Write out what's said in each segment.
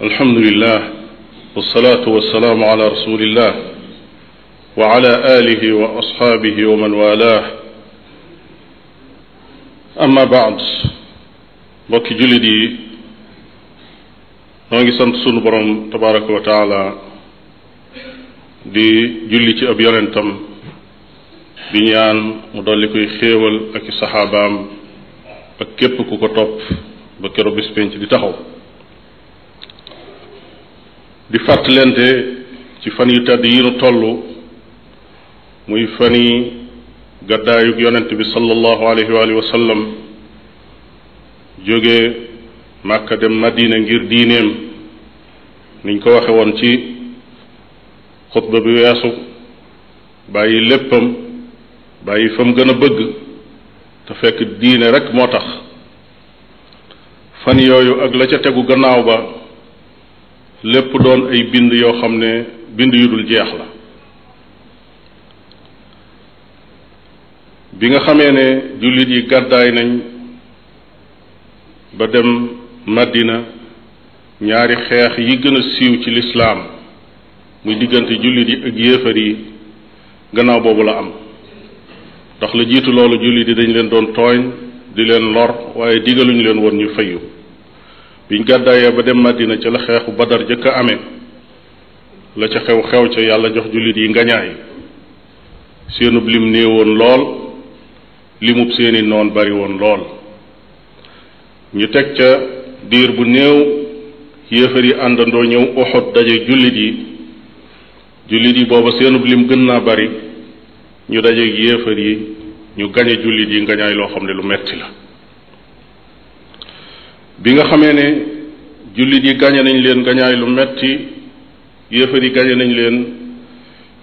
alhamdulilah walsalaatu walsalaamu ala rasulillah wa ala alihi wa asxaabihi wa man walah amma baad mbokki jullit yi noo ngi sant sunu borom tabaraka wa taala di julli ci ab yonentam di ñaan mu dolli koy xéewal ak i saxaabaam ak képp ku ko topp ba kero bis penc di taxaw di fàttalente ci fan yu tedd yi nu toll muy fan yi gàddaayug yonent bi sallallahu alayhi wa sallam jóge Màkka dem ngir diineem niñ ko waxe woon ci xutba bi weesu bàyyi léppam bàyyi fa mu gën a bëgg te fekk diine rek moo tax fan yooyu ak la ca tegu gannaaw ba lépp doon ay bind yoo xam ne bind yu dul jeex la bi nga xamee ne jullit yi gàddaay nañ ba dem Madina ñaari xeex yi gën a siiw ci lislaam muy diggante jullit yi ak yéefar yi gannaaw boobu la am ndax la jiitu loolu jullit yi dañ leen doon tooñ di leen lor waaye digaluñ leen woon ñu fayu biñ gàddaayee ba dem Madina ca la xeexu Badar jëkk a amee la ca xew xew ca yàlla jox jullit yi ngañaay seenub lim néewoon lool limub seeni noon bari woon lool ñu teg ca diir bu néew yéefar yi àndandoo ñëw Uhud daje jullit yi jullit yi booba seenub lim gën naa bari ñu daje yéefar yi ñu gañe jullit yi ngañaay loo xam ne lu metti la bi nga xamee ne jullit yi gañe nañ leen gañaay lu metti yéefar yi gañe nañ leen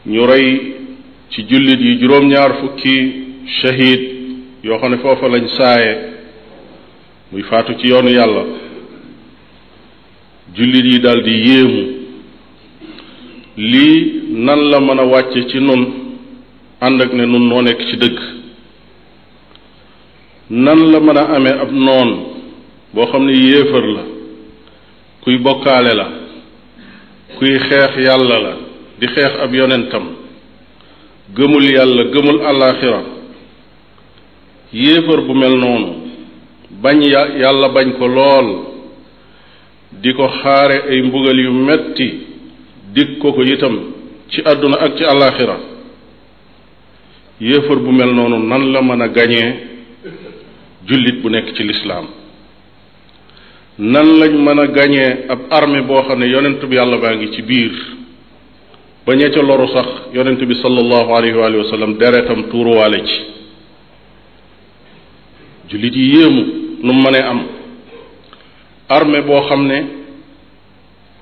ñu rey ci jullit yi juróom-ñaar fukki shahid yoo xam ne foofa lañ saaye muy faatu ci yoonu yàlla jullit yi daldi yéemu lii nan la mën a wàcce ci nun ànd ak ne nun noo nekk ci dëgg nan la mën a ame ab noon boo xam ne yéefar la kuy bokkaale la kuy xeex yàlla la di xeex ab yonentam gëmul yàlla gëmul àllaaxira yéefar bu mel noonu bañ yàlla bañ ko lool di ko xaare ay mbugal yu metti dig ko ko itam ci àdduna ak ci àllaaxira yéefar bu mel noonu nan la mën a gañee jullit bu nekk ci lislaam nan lañ mën a gañe ab armée boo xam ne yonent bi yàlla baa ngi ci biir ba ñee loru sax yonent bi sallallahu alayhi wa sallam deretam tuuruwaale ci jullit yi yéemu nu mu mënee am armée boo xam ne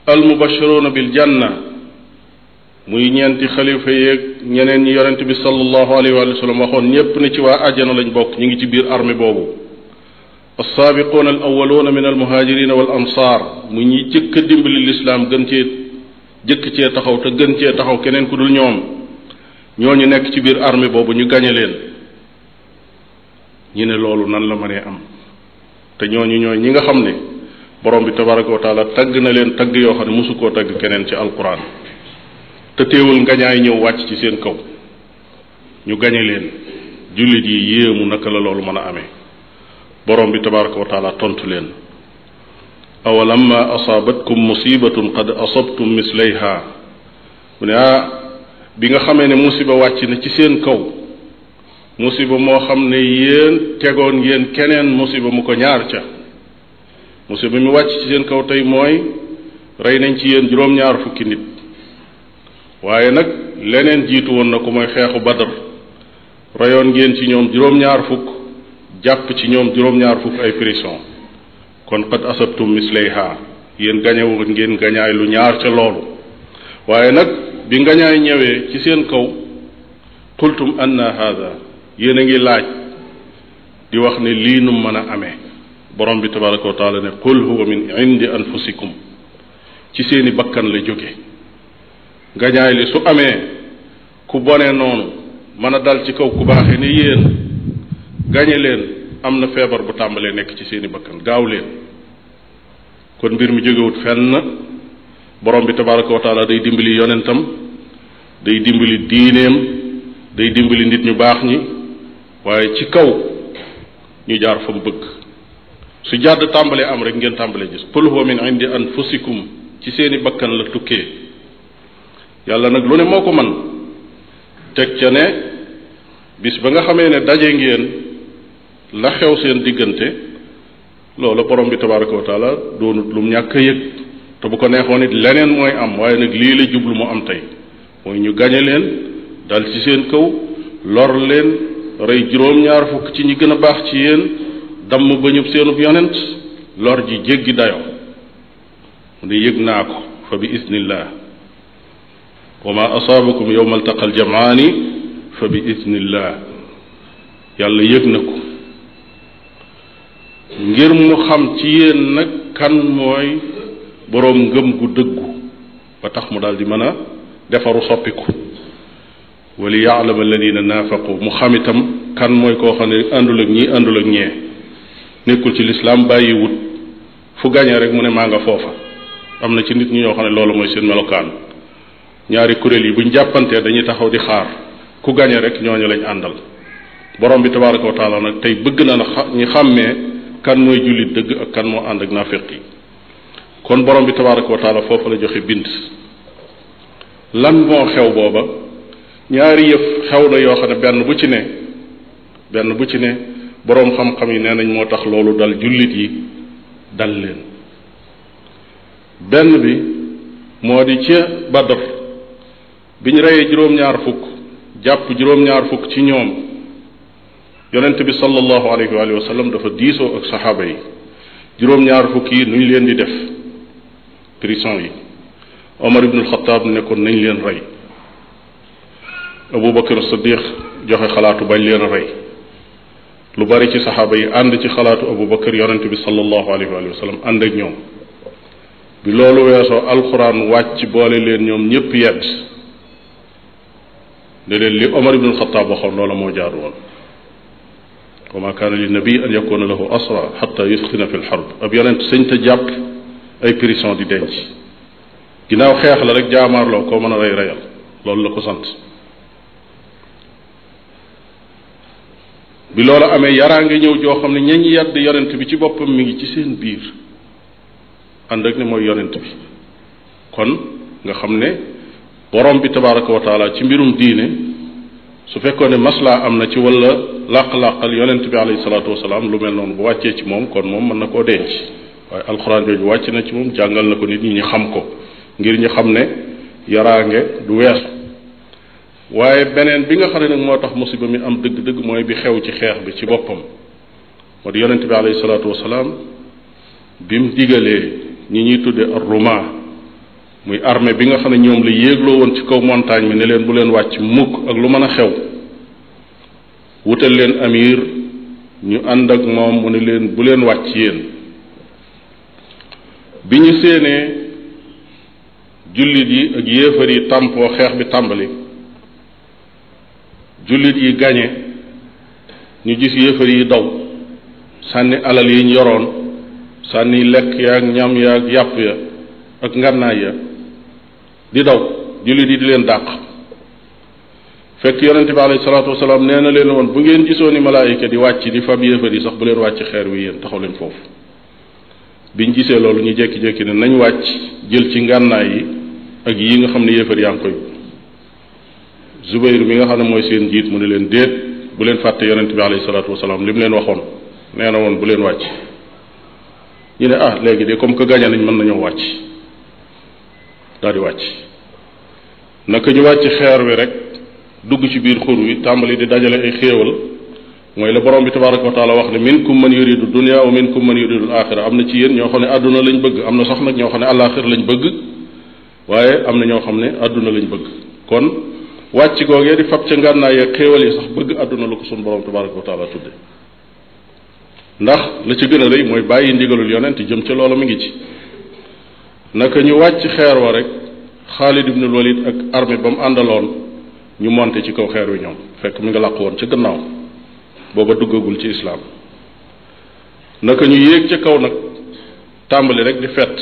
al mubashiruuna bil janna muy ñeenti xalifa yeeg ñeneen ñi yonent bi sallallahu alayhi wa sallam waxoon ñépp ne ci waa àjjana lañ bokk ñu ngi ci biir armée boobu alsaabiquuna al awaluuna min almuhaajirina wal ansaar mu ñi jëkk a dimbali lislaam gën cee jëkk cee taxaw te gën cee taxaw keneen ku dul ñoom ñu nekk ci biir armée boobu ñu gañe leen ñu ne loolu nan la mënee am te ñooñu ñooy ñi nga xam ne borom bi tabaraka wa taala tagg na leen tagg yoo xam ne mosu koo tagg keneen ci alquran te teewul ngañaay ñëw wàcc ci seen kaw ñu gañe leen jullit yi yéemu naka la loolu mën a amee borom bi tabaraka wa tontu leen awalamma asaabatkum musibatun qad asabtum mislayha mu ne ah bi nga xamee ne musiba wàcc na ci seen kaw musiba moo xam ne yéen tegoon ngeen keneen musiba mu ko ñaar ca musiba mu wàcc ci seen kaw tey mooy rey nañ ci yéen juróom-ñaar fukki nit waaye nag leneen jiitu woon na ko mooy xeexu badar reyoon ngeen ci ñoom juróom-ñaar fukk jàpp ci ñoom juróom-ñaar fukk ay prison kon qad asabtum misleyha yéen gañewu ngeen gañaay lu ñaar ca loolu waaye nag bi ngañaay ñëwee ci seen kaw qultum anna hada yéen a ngi laaj di wax ne lii nu mën a ame borom bi tabaraka wa taala ne qul huwa min indi anfusikum ci seeni bakkan la jóge ngañaay li su amee ku bone noonu mën a dal ci kaw ku baaxe ne yéen gañe leen am na feebar bu tàmbalee nekk ci seeni bakkan gaaw leen kon mbir mi jógewut fenn borom bi tabaraka wa taala day dimbali yonentam day dimbali diineem day dimbali nit ñu baax ñi waaye ci kaw ñu jaar fa mu bëgg su jàdd tàmbalee am rek ngeen tàmbalee gis qul huwa min indi anfusikum ci seeni bakkan la tukkee yàlla nag lu ne moo ko man teg ca ne bis ba nga xamee ne daje ngeen la xew seen diggante loolu borom bi tabaraka wa taala doonut lum ñàkk a yëg te bu ko neexoon it leneen mooy am waaye nag lii la jublu mu am tey mooy ñu gañe leen dal ci seen kaw lor leen rey juróom-ñaar fukk ci ñu gën a baax ci yéen damm bañub seenub yonent lor ji jéggi dayo mu ne yëg naa ko fa bi isnillah wa ma asaabakum yowma altaqa fa bi isnillah yàlla yëg na ko ngir mu xam ci yéen nag kan mooy boroom ngëm gu dëggu ba tax mu daal di mën a defaru soppiku wali yaalama alladina naafaqu mu xam itam kan mooy koo xam ne àndul ak ñii àndul ak ñee nekkul ci lislaam bàyyiwut fu gañe rek mu ne maa nga foofa am na ci nit ñi ñoo xam ne loolu mooy seen melokaan ñaari kuréel yi buñ jàppantee dañuy taxaw di xaar ku gañe rek ñooñu lañ àndal borom bi tabaraka wa taala tey bëgg na na ñu xàmmee kan mooy jullit dëgg ak kan moo ànd ak naafeq yi kon boroom bi tabaraka wa taala foofu la joxe bind lan moo xew booba ñaari yëf xew na yoo xam ne benn bu ci ne benn bu ci ne boroom xam-xam yi nee nañ moo tax loolu dal jullit yi dal leen benn bi moo di ca Badr bi ñu reyee juróom-ñaar fukk jàpp juróom-ñaar fukk ci ñoom yonent bi sallallahu alayhi wa alihi dafa diisoo ak saxaaba yi juróom-ñaar fukk yi nuñ leen di def prison yi Omar ibn al ne ko nañ leen rey Abu Bakr as joxe xalaatu bañ leen rey lu bari ci saxaaba yi ànd ci xalaatu Abu Bakr yonent bi sallallahu alayhi wa sallam ànd ak ñoom bi loolu weesoo alxuraan wàcc boole leen ñoom ñépp yedd ne leen li Omar ibn al waxoon loola moo jaar woon wa ma kaana li nabi an yakuna lahu asra xata yusxina fi lxarb ab yonent sëñ te jàpp ay prison di denc ginnaaw xeex la rek jaamaarloo koo mën a rey reyal loolu la ko sant bi loolu amee yaraa nga ñëw joo xam ne ñañ yàdd yonent bi ci boppam mu ngi ci seen biir ànd ak ne mooy yonent bi kon nga xam ne borom bi tabaraka wa ci mbirum diine su fekkoon ne maslaa am na ci walla làq-làqal yonent bi alayhi salaatu wasalaam lu mel noonu bu wàccee ci moom kon moom mën na koo denc waaye alxuraan jooju wàcc na ci moom jàngal na ko nit ñi ñu xam ko ngir ñu xam ne yaraange du weesu waaye beneen bi nga xam ne nag moo tax musiba mi am dëgg-dëgg mooy bi xew ci xeex bi ci boppam moo di yonent bi alayhi salaatu wasalaam bi mu digalee ñi ñuy tudde ar-rumaa muy armée bi nga xam ne ñoom la yéegloo woon ci kaw montagne bi ne leen bu leen wàcc mukk ak lu mën a xew wutal leen amir ñu ànd ak moom mu ne leen bu leen wàcc yéen bi ñu séenee jullit yi ak yéefar yi tàmpoo xeex bi tàmbali jullit yi gañe ñu gis yéefar yi daw sànni alal yi ñu yoroon sànni lekk yaag ñam yaag yàpp ya ak ngànnaay ya di daw jullit yi di leen dàq fekk yonente bi alayhi salaatu wasalaam nee na leen woon bu ngeen gisoo ni malaayika di wàcc di fab yéefar yi sax bu leen wàcc xeer wi yéen taxaw leen foofu biñ gisee loolu ñu jékki-jékki ne nañ wàcc jël ci ngànnaay yi ak yi nga xam ne yéefar yaa ngi koy Zubayr mi nga xam ne mooy seen jiit mu ne leen déet bu leen fàtte yonente bi alayhi salaatu wasalaam li mu leen waxoon nee na woon bu leen wàcc ñu ne ah léegi de comme que gañe nañ mën nañoo wàcc daal wàcc naka ñu wàcc xeer wi rek dugg ci biir xur wi tàmbali di dajale ay xéewal mooy la borom bi tabaraka wa wax ne minkum man yuridu dunia wa minkum man yuridu alaxira am na ci yéen ñoo xam ne àdduna lañ bëgg am na sax nag ñoo xam ne alaxira lañu bëgg waaye am na ñoo xam ne àdduna lañ bëgg kon wàcc googee di fab ca ngànnaay ak xéewal yi sax bëgg àdduna lu ko suñu borom tabaraka wa tudde ndax la ca gën a rëy mooy bàyyi ndigalul yonent jëm ca loola mi ngi ci naka ñu wàcc xeer wa rek Xaalid ibnul Walid ak armée ba mu àndaloon ñu monte ci kaw xeer wi ñoom fekk mi ngi làqu woon ca gannaaw booba duggagul ci islaam naka ñu yéeg ca kaw nag tàmbali rek di fett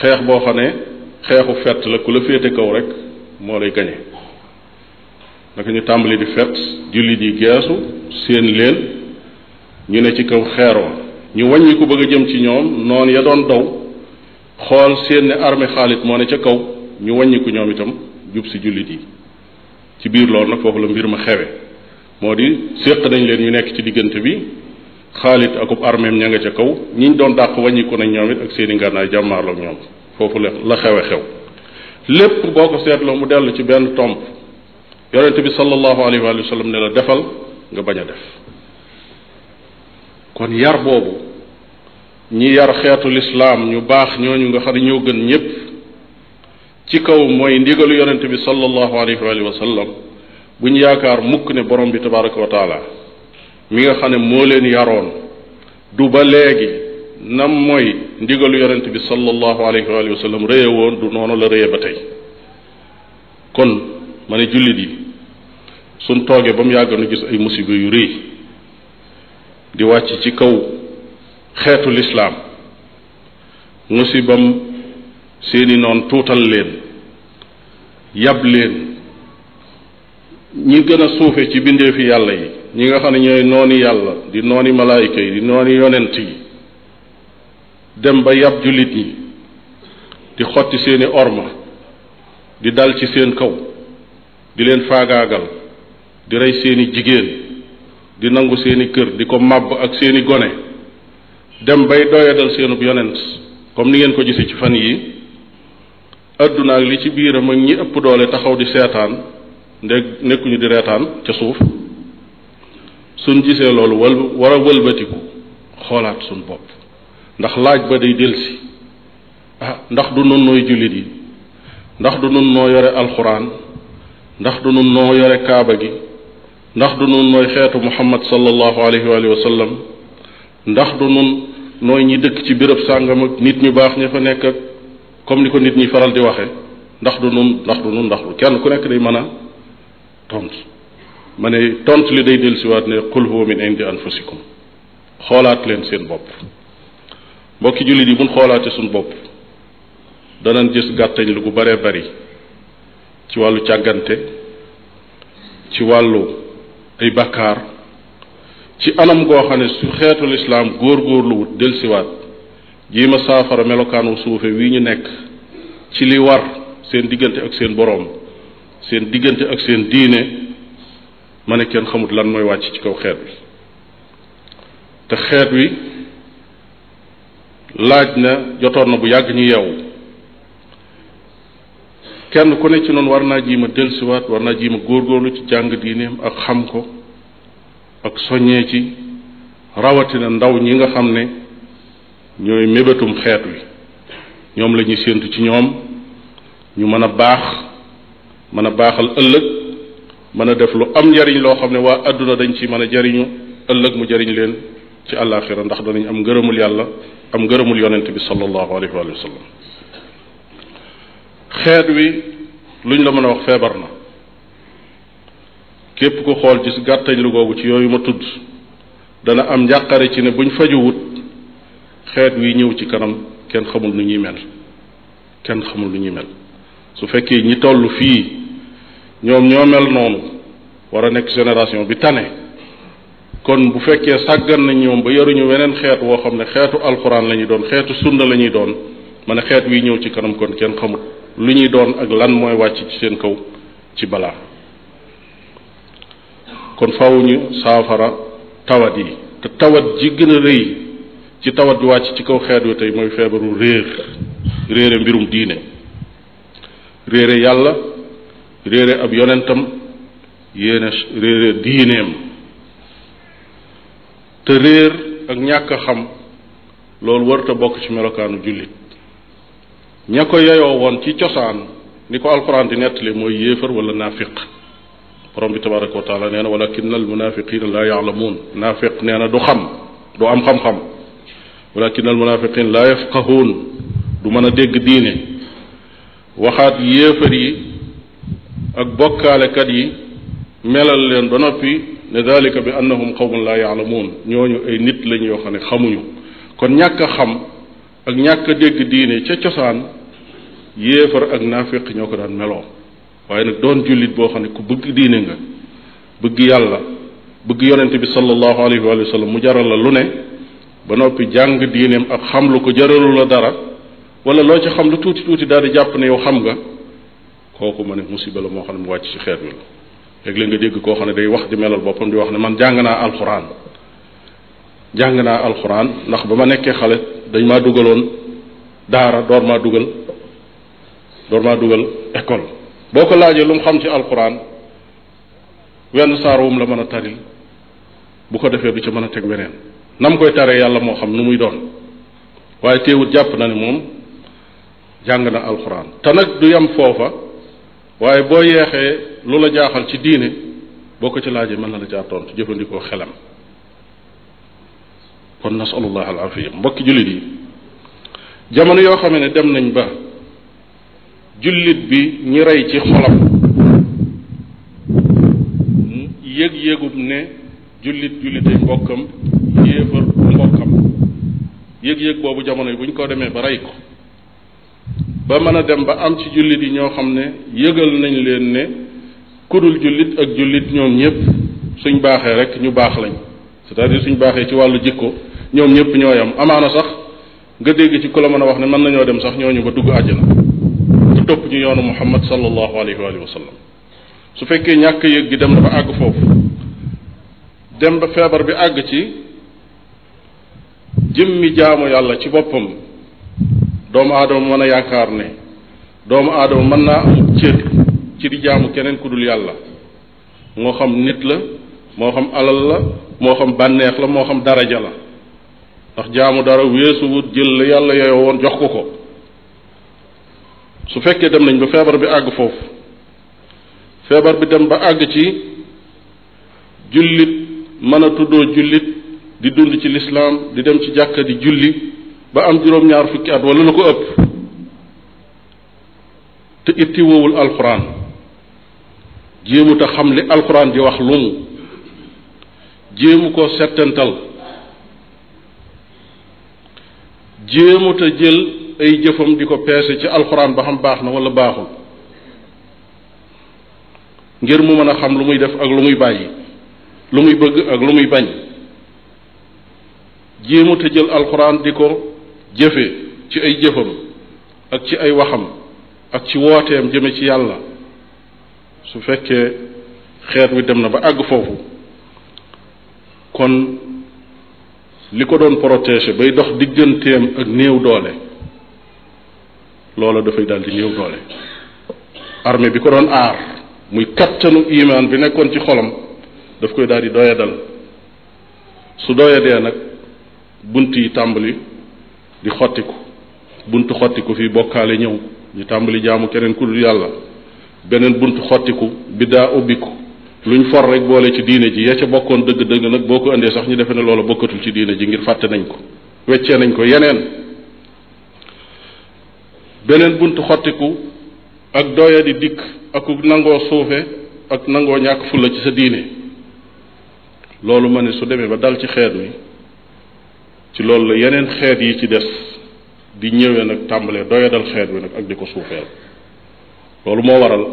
xeex boo xam ne xeexu fett la ku la féete kaw rek moo lay gañe naka ñu tàmbali di fet jullit yi geesu seen leen ñu ne ci kaw xeer wa ñu wàññi ku bëgg a jëm ci ñoom noon ya doon daw xool seen ne armée moo ne ca kaw ñu wàññiku ñoom itam jub si jullit yi ci biir loolu nag foofu la mbir ma xewe moo di séq nañ leen ñu nekk ci diggante bi Xaalid akub armeem ña nga ca kaw ñiñ doon dàq wàññiku nañ ñoom it ak seen i ngànnaay jàmmaarloog ñoom foofu la la xewe xew lépp boo ko seetloo mu dellu ci benn tomb yonente bi sallallahu alayhi wa sallam ne la defal nga bañ a def kon yar boobu ñi yar xeetu lislaam ñu baax ñooñu nga xam ne ñoo gën ñépp ci kaw mooy ndigalu yonente bi sallallahu alayhi wa sallam bu ñu yaakaar mukk ne borom bi tabaraka wa taala mi nga xam ne moo leen yaroon du ba léegi nam mooy ndigalu yonente bi sallallahu alayhi wa sallam réye woon du noonu la réye ba tey kon ma ne jullit yi suñ toogee ba mu yàgg nu gis ay musiba yu rëy di wàcc ci kaw xeetu lislaam musibam seeni noon tuutal leen yab leen ñi gën a suufe ci bindeefi yàlla yi ñi nga xam ne ñooy nooni yàlla di nooni malaayika yi di nooni yonent yi dem ba yab jullit yi di xotti seeni orma di dal ci seen kaw di leen faagaagal di rey seeni jigéen di nangu seeni kër di ko màbb ak seeni gone dem bay doyadal seenub yonent comme ni ngeen ko gisee ci fan yi adduna ak li ci biiram ak ñi ëpp doole taxaw di seetaan ndeg nekkuñu di reetaan ca suuf suñ gisee loolu wal war wëlbatiku xoolaat suñ bopp ndax laaj ba day delsi ah ndax du nun nooy jullit yi ndax du nun noo yore alxuraan ndax du nun noo yore kaaba gi ndax du nun nooy xeetu muhammad sallallahu alayhi wa sallam ndax du nun nooy ñi dëkk ci béréb sàngam nit ñu baax ña fa nekk comme ni ko nit ñi faral di waxe ndax du nun ndax du nun ndax du kenn ku nekk day mën a tontu ma ne tontu li day dellusiwaat ne qul huwa min indi anfusikum xoolaat leen seen bopp mbokki jullit yi buñ xoolaate suñ bopp danañ gis gàttañ lu gu baree bari ci wàllu càggante ci wàllu ay bàkkaar ci anam goo xam ne su xeetu lislaam góor-góorlu wut delsiwaat jiima saafara melokaanu suufe wii ñu nekk ci li war seen diggante ak seen boroom seen diggante ak seen diine ma ne kenn xamut lan mooy wàcc ci kaw xeet wi te xeet wi laaj na jotoon na bu yàgg ñu yeewu kenn ku ne ci noonu war naa ma delsiwaat war naa ma góor-góorlu ci jàng diineem ak xam ko ak soññee ci rawatina ndaw ñi nga xam ne ñooy mébétum xeet wi ñoom la ñuy séentu ci ñoom ñu mën a baax mën a baaxal ëllëg mën a def lu am njariñ loo xam ne waa àdduna dañ ci mën a jariñu ëllëg mu jariñ leen ci àllaaxira ndax danañ am ngërëmul yàlla am ngërëmul yonent bi sallallahu alayhi wa xeet wi luñ la mën a wax feebar na képp ku xool ci gàttañ lu googu ci yooyu ma tudd dana am njàqare ci ne buñ fajuwut xeet wi ñëw ci kanam kenn xamul lu ñuy mel kenn xamul lu ñuy mel su fekkee ñi toll fii ñoom ñoo mel noonu war a nekk génération bi tane kon bu fekkee sàggan nañ ñoom ba yaruñu weneen xeet woo xam ne xeetu alxuraan la ñuy doon xeetu sunna la ñuy doon ma ne xeet wi ñëw ci kanam kon kenn xamul lu ñuy doon ak lan mooy wàcc ci seen kaw ci balaa kon fawuñu saafara tawat yi te tawat ji gën a rëy ci tawat bi wàcc ci kaw xeet wi tey mooy feebaru réer réere mbirum diine réere yàlla réere ab yonentam yéene réere diineem te réer ak ñàkk a xam loolu warta bokk ci melokaanu jullit ña ko yeyoo woon ci cosaan ni ko alxuraan di nettali mooy yéefar wala naafiq borom bi tabaraka wa taala nee na walakin al munafiqina laa yaalamuun naafiq nee na du xam du am xam-xam walakin al munafiqin laa yafqahuun du mën a dégg diine waxaat yéefar yi ak bokkaalekat yi melal leen ba noppi ne dalika bi annahum qawmun laa yaalamuun ñooñu ay nit lañ yoo xamuñu kon ñàkk a xam ak ñàkk a dégg diine ca cosaan yéefar ak naafiq ñoo ko daan melo waaye nag doon jullit boo xam ne ku bëgg diine nga bëgg yàlla bëgg yonente bi sallallahu alayhi wa sallam mu jaral la lu ne ba noppi jàng diineem ak xam lu ko jaralu la dara wala loo ci xam lu tuuti tuuti daal di jàpp ne yow xam nga kooku ma ne musiba la moo xam ne mu wàcc ci xeet wi la léeg-léeg nga dégg koo xam ne day wax di melal boppam di wax ne man jàng naa alxuraan jàng naa alxuraan ndax ba ma nekkee xale dañ maa dugaloon daara door maa dugal door maa dugal école boo ko laajee lu mu xam ci alquran wenn saar wum la mën a tari bu ko defee du ca mën a teg weneen nam koy taree yàlla moo xam nu muy doon waaye teewut jàpp na ne moom jàng na alquran te nag du yem foofa waaye boo yeexee lu la jaaxal ci diine boo ko ci laajee mën na la caa tontu jëfandikoo xelam kon nasalullah al afiya mbokki jullit yi jamono yoo xam ne dem nañ ba jullit bi ñi rey ci xolam yëg-yëgub ne jullit jullitay mbokkam yéefar mbokkam yëg-yëg boobu jamono yi bu ñu ko demee ba rey ko ba mën a dem ba am ci jullit yi ñoo xam ne yëgal nañu leen ne kudul jullit ak jullit ñoom ñëpp suñ baaxee rek ñu baax lañ c'est-à-dire suñ baaxee ci wàllu jikko ñoom ñëpp ñooy am amaana sax nga dégg ci ku la mën a wax ne mën nañoo dem sax ñooñu ba dugg àjjana ñu topp ñu yoonu muhammad sallallahu alayhi wa sallam su fekkee ñàkk yëg gi dem dafa àgg foofu dem ba feebar bi àgg ci jëmmi jaamu yàlla ci boppam doomu aadama mën a yaakaar ne doomu aadama mën naa am cër ci di jaamu keneen ku dul yàlla moo xam nit la moo xam alal la moo xam bànneex la moo xam daraja la ndax jaamu dara weesuwut jël la yàlla yooyu woon jox ko ko su fekkee dem nañ ba feebar bi àgg foofu feebar bi dem ba àgg ci jullit mën a tuddoo jullit di dund ci lislaam di dem ci jàkka di julli ba am juróom-ñaar fukki at wala lu ko ëpp te alxuraan jéemut a xam li alxuraan di wax lum mu jéemu ko settantal jéemut a jël ay jëfam di ko peese ci alxuraan ba xam baax na wala baaxul ngir mu mën a xam lu muy def ak lu muy bàyyi lu muy bëgg ak lu muy bañ jéemu te jël alxuraan di ko jëfe ci ay jëfam ak ci ay waxam ak ci wooteem jëme ci yàlla su fekkee xeet wi dem na ba àgg foofu kon li ko doon protéger bay dox digganteem ak néew doole loola dafay daal di néew doole armée bi ko doon aar muy kattanu imaan bi nekkoon ci xolam daf koy daal di doyadal su doyadee nag bunt yi tàmbali di xottiku buntu xottiku fii bokkaale ñëw ñu tàmbali jaamu keneen ku yàlla beneen buntu xottiku biddaa ubbiku luñ for rek boole ci diine ji ya ca bokkoon dëgg-dëgg nag boo ko indee sax ñu defe ne loola bokkatul ci diine ji ngir fàtte nañ ko weccee nañ ko yeneen beneen buntu xottiku ak doya di dikk aku nangoo suufe ak nangoo ñàkk fulla ci sa diine loolu ma ne su demee ba dal ci xeet mi ci loolu la yeneen xeet yi ci des bi ñëwee nag tàmbalee doya dal xeet bi nag ak di ko suufeel loolu moo waral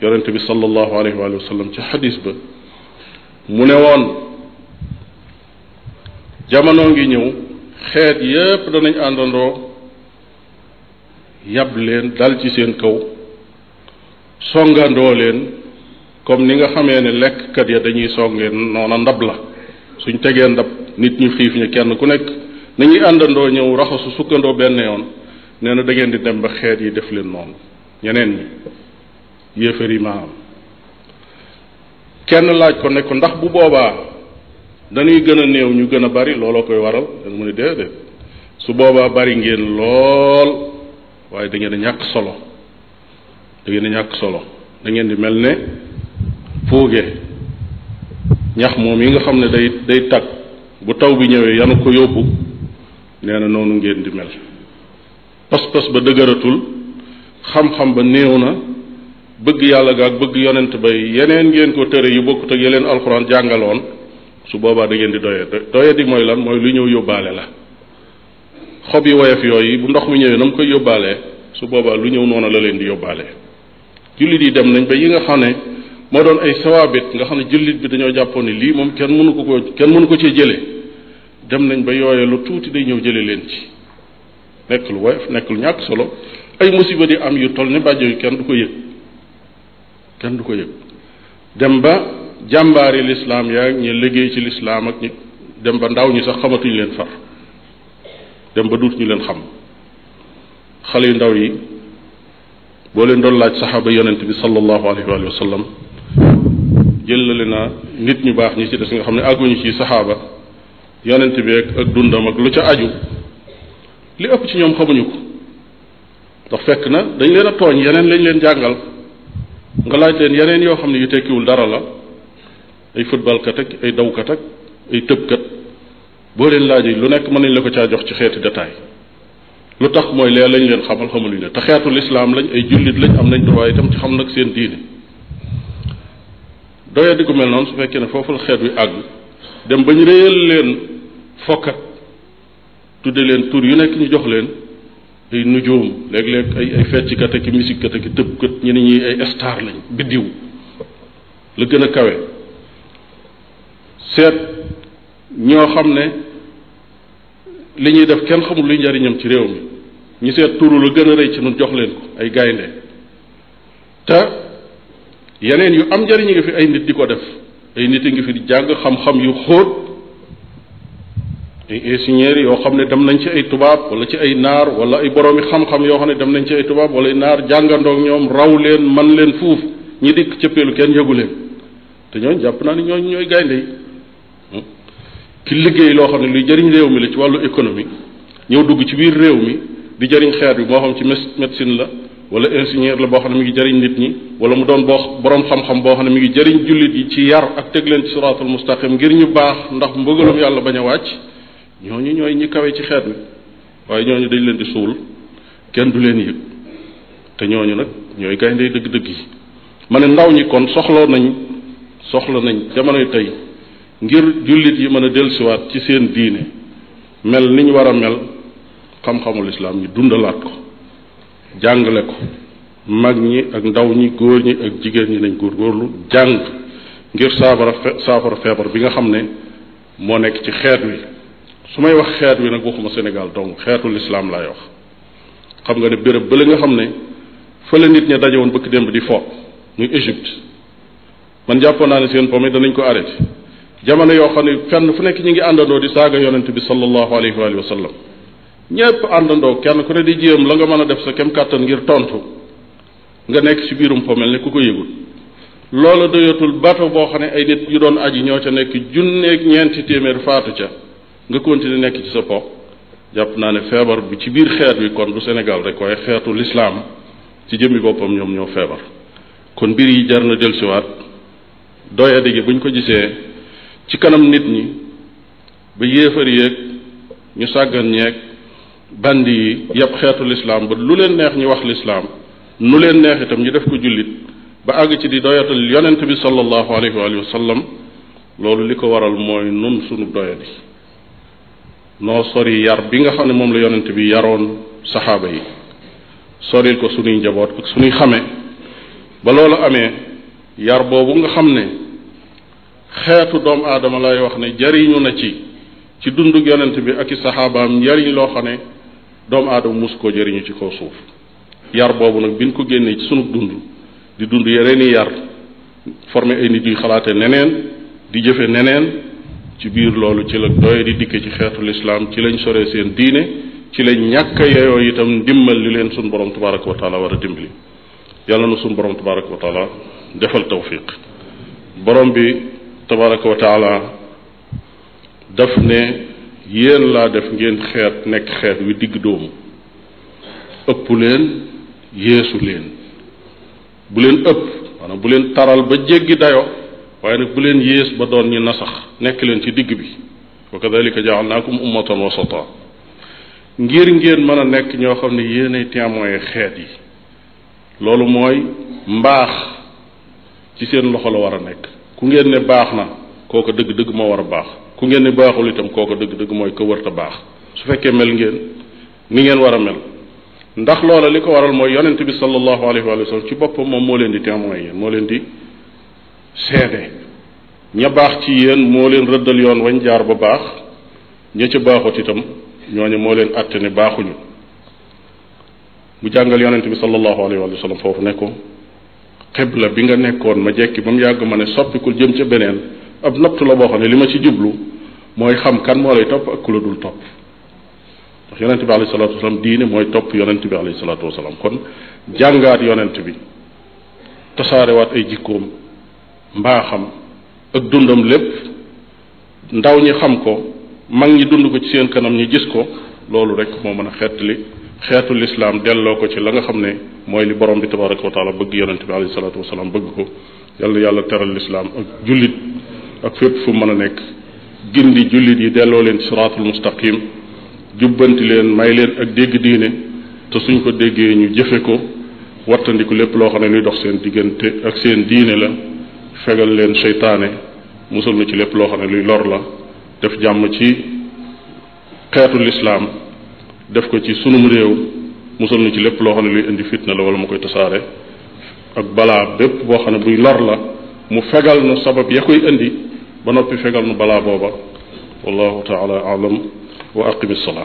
yonente bi sallallahu alayhi wa sallam ci xadis ba mu ne woon jamono ngi ñëw xeet yépp danañ àndandoo yab leen dal ci seen kaw songandoo leen comme ni nga xamee ne lekkkat ya dañuy songee noona ndab la suñ tegee ndab nit ñu xiif ñi kenn ku nekk nañuy àndandoo ñëw raxasu sukkandoo benn yoon nee na da di dem ba xeet yi def leen noonu ñeneen ñi yéefar yi kenn laaj ko ne ndax bu boobaa dañuy gën a néew ñu gën a bari looloo koy waral dana mu ne déedéet su boobaa bari ngeen lool waaye da ngeen ñàkk solo da ñàkk solo da ngeen di mel ne puuge ñax moom yi nga xam ne day day tag bu taw bi ñëwee yanu ko yóbbu nee na noonu ngeen di mel pas-pas ba dëgëratul xam-xam ba néew na bëgg yàlla ga bëgg yonent ba yeneen ngeen ko tëre yu bokkut ak yeneen alxuraan jàngaloon su boobaa da ngeen di doye doye di mooy lan mooy lu ñëw yóbbaale la xob yi woyof yooyu bu ndox mi ñëwee na mu koy yóbbaale su boobaa lu ñëw noonu la leen di yóbbaale jullit yi dem nañ ba yi nga xam ne moo doon ay sawaabit nga xam ne jullit bi dañoo jàppoon ne lii moom kenn mënu ko ko kenn mënu ko cee jële dem nañ ba yooye lu tuuti day ñëw jële leen ci nekk lu woyof nekk lu ñàkk solo ay musiba di am yu toll ne bàjjo kenn du ko yëg kenn du ko yëg dem ba jàmbaari lislaam yaa ñi liggéey ci lislaam ak ñi dem ba ndaw ñi sax xamatuñ leen far dem ba duutuñu leen xam xale yu ndaw yi boo leen doon laaj saxaaba yonent bi sallallahu alayhi wa sallam jëlale na nit ñu baax ñu ci des nga xam ne àgguñu ci saxaaba yonent bi ak dundam ak lu ca aju li ëpp ci ñoom xamuñu ko ndax fekk na dañ leen a tooñ yeneen lañ leen jàngal nga laaj leen yeneen yoo xam ne yu tekkiwul dara la ay footballkat ak ay dawkat ak ay tëbkat boo leen laaj laajee lu nekk mën nañ la ko caa jox ci xeeti détail lu tax mooy lee lañ leen xamal xamaluñ ne te xeetu lislaam lañ ay jullit lañ am nañ droit itam ci xam nag seen diine doye di ko mel noonu su fekkee ne foofu la xeet wi àgg dem ba ñu réyal leen fokkat tudde leen tur yu nekk ñu jox leen ay nujoom léeg-léeg ay ay fecckat ak i musikat ak i tëbkat ñu ne ñi ay star lañ biddiw la gën a kawe seet ñoo xam ne li ñuy def kenn xamul luy njariñam ci réew mi ñu seet turu la gën a rëy ci nun jox leen ko ay gaynde te yeneen yu am njariñ nga fi ay nit di ko def ay nit a ngi fi di jàng xam-xam yu xóot ay ingénieurs yoo xam ne dem nañ ci ay tubaab wala ci ay naar wala ay boroomi xam-xam yoo xam ne dem nañ ci ay tubaab wala naar jàngandoog ñoom raw leen man leen fuuf ñi dikk cëppeelu kenn yëgu leen te ñooñu jàpp naa ni ñooñ ñooy gaynde yi ki liggéey loo xam ne luy jëriñ réew mi la ci wàllu économie ñëw dugg ci biir réew mi di jëriñ xeet bi moo xam ci médecine la wala ingénieur la boo xam ne mi ngi jariñ nit ñi wala mu doon boo boroom xam-xam boo xam ne mi ngi jëriñ jullit yi ci yar ak teg leen ci siraatul mustaqim ngir ñu baax ndax mbëgalum yàlla bañ a wàcc ñooñu ñooy ñi kawe ci xeet mi waaye ñooñu dañ leen di suul kenn du leen yëg te ñooñu nag ñooy gaynde dëgg-dëgg yi ma ne ndaw ñi kon soxla nañ soxla nañ jamonoy tey ngir jullit yi mën a dellusiwaat ci seen diine mel niñ war a mel xam-xamul islaam ñu dundalaat ko jàngale ko mag ñi ak ndaw ñi góor ñi ak jigéen ñi nañ góorlu jàng ngir saafara saafara feebar bi nga xam ne moo nekk ci xeet wi su may wax xeet wi nag waxuma senegal donc xeetu lislaam laay wax xam nga ne béréb bële nga xam ne fële nit ña dajewoon bëkk démb di fo muy Égypte man jàppoon naa ne seen pomme danañ ko arrêté jamono yoo xam ne fenn fu nekk ñu ngi àndandoo di saaga yonent bi sallallahu alayhi wa sallam ñépp àndandoo kenn ku ne di jéem la nga mën a def sa kem kàttan ngir tontu nga nekk ci biirum po mel ne ku ko yëgul loola doyatul bato boo xam ne ay nit yu doon aji ñoo ca nekk junneeg ñeenti téeméer faatu ca nga continuer nekk ci sa po jàpp naa ne feebar bi ci biir xeet wi kon bu Sénégal rek waaye xeetu lislaam ci jëmmi boppam ñoom ñoo feebar kon mbir jar na dellusiwaat doyadi gi buñ ko gisee ci kanam nit ñi ba yéefar yéeg ñu sàggan ñeeg bandi yi yëpp xeetu lislaam ba lu leen neex ñu wax lislaam nu leen neex itam ñu def ko jullit ba àgg ci di doyatal yonent bi sallallahu alayhi wa sallam loolu li ko waral mooy nun sunu doyadi noo sori yar bi nga xam ne moom la yonent bi yaroon saxaaba yi soril ko sunuy njaboot ak sunuy xame ba loolu amee yar boobu nga xam ne xeetu doomu aadama lay wax ne jariñu na ci ci dundu yonent bi ak i saxaabaam njariñ loo xam ne doomu aadama mus koo jariñu ci kaw suuf yar boobu nag bi ñu ko génnee ci sunug dund di dund yeneeni yar formé ay nit yuy xalaate neneen di jëfe neneen ci biir loolu ci la doye di dikke ci xeetu lislaam ci lañ sore seen diine ci lañ ñàkk a yeyoo itam ndimbal li leen sun borom tabaraka wa war a dimbali yàlla na sun borom tabaraka wa taala defal tawfiq bi tabaraka wa taala daf ne yéen laa def ngeen xeet nekk xeet wi digg doomu ëpp leen yéesu leen bu leen ëpp maanaam bu leen taral ba jéggi dayo waaye nag bu leen yées ba doon ñi nasax nekk leen ci digg bi wa kadalika jaalnaakum ummatan wasata ngir ngeen mën a nekk ñoo xam ne yéenay témoin xeet yi loolu mooy mbaax ci seen loxo la war a nekk ku ngeen ne baax na kooka dëgg-dëgg moo war a baax ku ngeen ne baaxul itam kooko dëgg-dëgg mooy ko wërta baax su fekkee mel ngeen ni ngeen war a mel ndax loola li ko waral mooy yonent bi sallallahu alayhi wa sallam ci boppam moom moo leen di témoin yéen moo leen di seede ña baax ci yéen moo leen rëddal yoon wañ jaar ba baax ña ca baaxut itam ñooñu moo leen àtte ne baaxuñu mu jàngal yonent bi sallallahu alayhi wa sallam foofu ne ko xibla bi nga nekkoon ma jekki ba mu yàgg ma ne soppikul jëm ca beneen ab nattu la boo xam ne li ma ci jublu mooy xam kan moo lay topp ak ku la dul topp ndax yonent bi alayhi salatu wasalaam diine mooy topp yonent bi alayhi salatu wasalaam kon jàngaat yonent bi tasaarewaat ay jikkoom mbaaxam ak dundam lépp ndaw ñi xam ko mag ñi dund ko ci seen kanam ñu gis ko loolu rek moo mën a xeetali xeetu lislaam delloo ko ci la nga xam ne mooy li borom bi tabaraka wa taala bëgg yonente bi alayhi salaatu wasalaam bëgg ko yàlla yàlla teral lislaam ak jullit ak fépp fu mën a nekk gindi jullit yi delloo leen siraatul mustaqim jubbanti leen may leen ak dégg diine te suñ ko déggee ñu jëfe ko wattandiku lépp loo xam ne luy dox seen diggante ak seen diine la fegal leen seytaane musal na ci lépp loo xam ne luy lor la def jàmm ci xeetu lislaam def ko ci sunum réew musal na ci lépp loo xam ne luy indi fitna la wala koy tasaare ak balaa bépp boo xam ne buy lor la mu fegal nu sabab ya koy indi ba noppi fegal nu balaa booba wallahu taala alam wa aqimi salaa